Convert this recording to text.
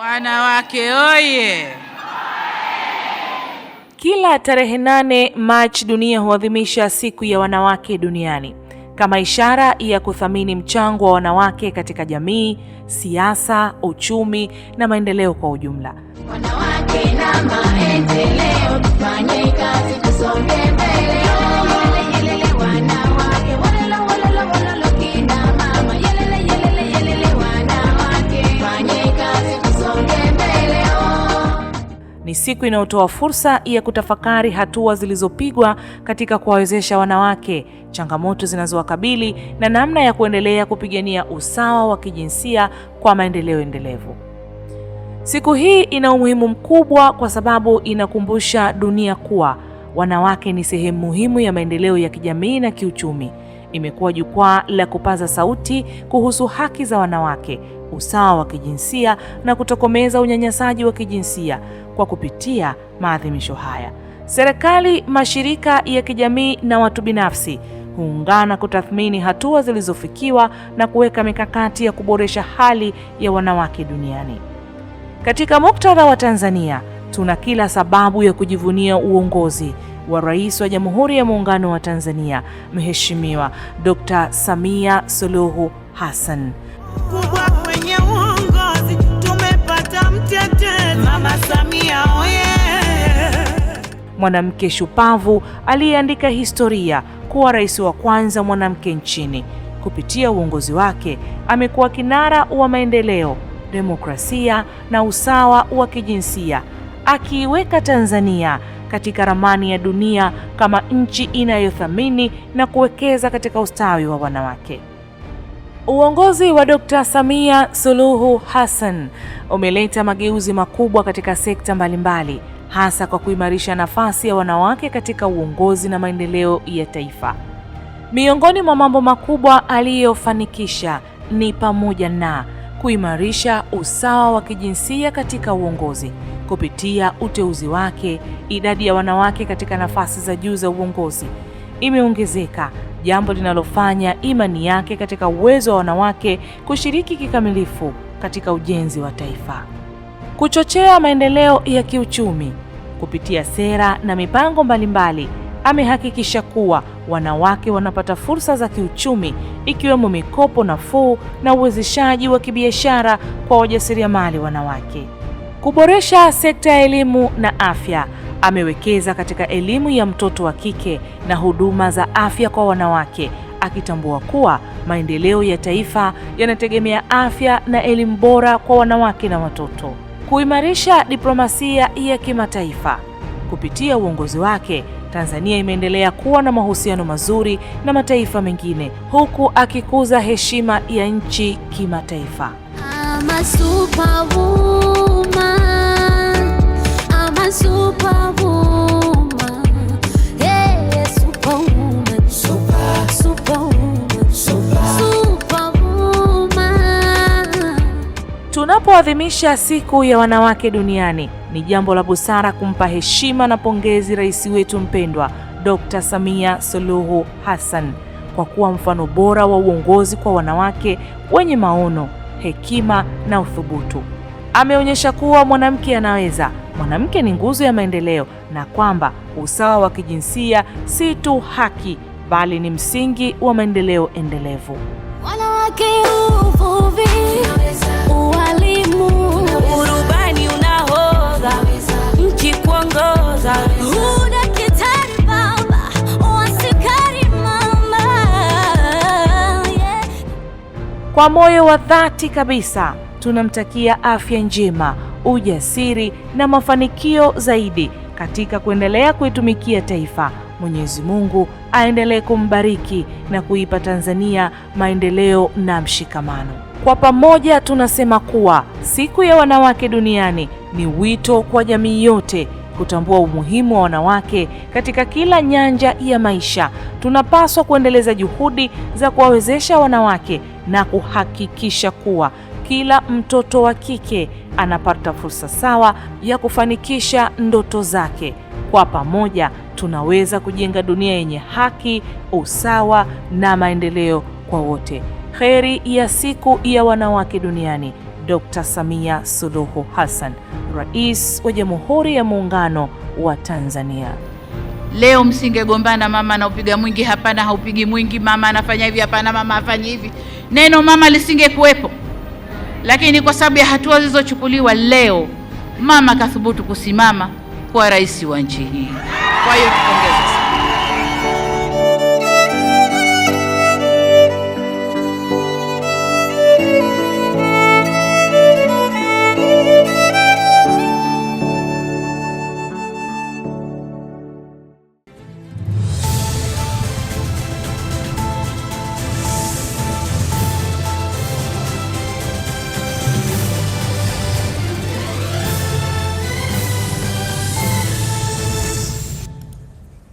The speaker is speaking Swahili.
Wanawake oye! Kila tarehe nane Machi dunia huadhimisha siku ya wanawake duniani kama ishara ya kuthamini mchango wa wanawake katika jamii, siasa, uchumi na maendeleo kwa ujumla. Wanawake na maendeleo, tufanye kazi, tusonge mbele. siku inayotoa fursa ya kutafakari hatua zilizopigwa katika kuwawezesha wanawake, changamoto zinazowakabili na namna ya kuendelea kupigania usawa wa kijinsia kwa maendeleo endelevu. Siku hii ina umuhimu mkubwa kwa sababu inakumbusha dunia kuwa wanawake ni sehemu muhimu ya maendeleo ya kijamii na kiuchumi. Imekuwa jukwaa la kupaza sauti kuhusu haki za wanawake, usawa wa kijinsia na kutokomeza unyanyasaji wa kijinsia kwa kupitia maadhimisho haya. Serikali, mashirika ya kijamii na watu binafsi huungana kutathmini hatua zilizofikiwa na kuweka mikakati ya kuboresha hali ya wanawake duniani. Katika muktadha wa Tanzania, tuna kila sababu ya kujivunia uongozi wa Rais wa Jamhuri ya Muungano wa Tanzania, Mheshimiwa Dr. Samia Suluhu Hassan. mwanamke shupavu aliyeandika historia kuwa rais wa kwanza mwanamke nchini. Kupitia uongozi wake amekuwa kinara wa maendeleo, demokrasia na usawa wa kijinsia, akiiweka Tanzania katika ramani ya dunia kama nchi inayothamini na kuwekeza katika ustawi wa wanawake. Uongozi wa Dkt. Samia Suluhu Hassan umeleta mageuzi makubwa katika sekta mbalimbali mbali hasa kwa kuimarisha nafasi ya wanawake katika uongozi na maendeleo ya taifa. Miongoni mwa mambo makubwa aliyofanikisha ni pamoja na kuimarisha usawa wa kijinsia katika uongozi kupitia uteuzi wake. Idadi ya wanawake katika nafasi za juu za uongozi imeongezeka, jambo linalofanya imani yake katika uwezo wa wanawake kushiriki kikamilifu katika ujenzi wa taifa kuchochea maendeleo ya kiuchumi kupitia sera na mipango mbalimbali. Amehakikisha kuwa wanawake wanapata fursa za kiuchumi ikiwemo mikopo nafuu na uwezeshaji wa kibiashara kwa wajasiriamali wanawake. Kuboresha sekta ya elimu na afya, amewekeza katika elimu ya mtoto wa kike na huduma za afya kwa wanawake, akitambua kuwa maendeleo ya taifa yanategemea afya na elimu bora kwa wanawake na watoto. Kuimarisha diplomasia ya kimataifa. Kupitia uongozi wake, Tanzania imeendelea kuwa na mahusiano mazuri na mataifa mengine huku akikuza heshima ya nchi kimataifa. Ama superwoman, ama superwoman. Tunapoadhimisha siku ya wanawake duniani, ni jambo la busara kumpa heshima na pongezi rais wetu mpendwa dkt Samia Suluhu Hassan kwa kuwa mfano bora wa uongozi kwa wanawake wenye maono, hekima na uthubutu. Ameonyesha kuwa mwanamke anaweza, mwanamke ni nguzo ya maendeleo na kwamba usawa wa kijinsia si tu haki bali ni msingi wa maendeleo endelevu wake uvuvi, ualimu, urubani, unahodha kuongoza, udaktari baba, mama. Kwa moyo wa dhati kabisa tunamtakia afya njema, ujasiri na mafanikio zaidi katika kuendelea kuitumikia taifa. Mwenyezi Mungu aendelee kumbariki na kuipa Tanzania maendeleo na mshikamano. Kwa pamoja tunasema kuwa siku ya wanawake duniani ni wito kwa jamii yote kutambua umuhimu wa wanawake katika kila nyanja ya maisha. Tunapaswa kuendeleza juhudi za kuwawezesha wanawake na kuhakikisha kuwa kila mtoto wa kike anapata fursa sawa ya kufanikisha ndoto zake. Kwa pamoja tunaweza kujenga dunia yenye haki, usawa na maendeleo kwa wote. Kheri ya siku ya wanawake duniani. Dr. Samia Suluhu Hassan, Rais wa Jamhuri ya Muungano wa Tanzania. Leo msingegombana, mama anaupiga mwingi, hapana haupigi mwingi, mama anafanya hivi, hapana mama afanye hivi, neno mama lisingekuwepo lakini kwa sababu ya hatua zilizochukuliwa leo mama kathubutu kusimama kuwa rais wa nchi hii. Kwa hiyo tupongeze.